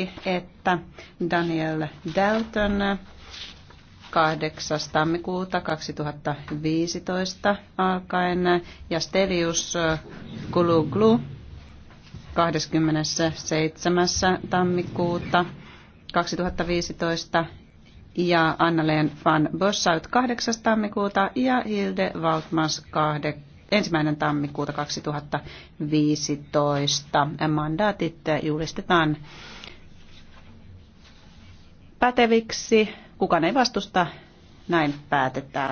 ilmoitti, että Daniel Dalton 8. tammikuuta 2015 alkaen ja Stelius Kuluglu 27. tammikuuta 2015 ja Annaleen van Bossaut 8. tammikuuta ja Hilde Valtmans 8 ensimmäinen tammikuuta 2015. Mandaatit julistetaan päteviksi. Kukaan ei vastusta, näin päätetään.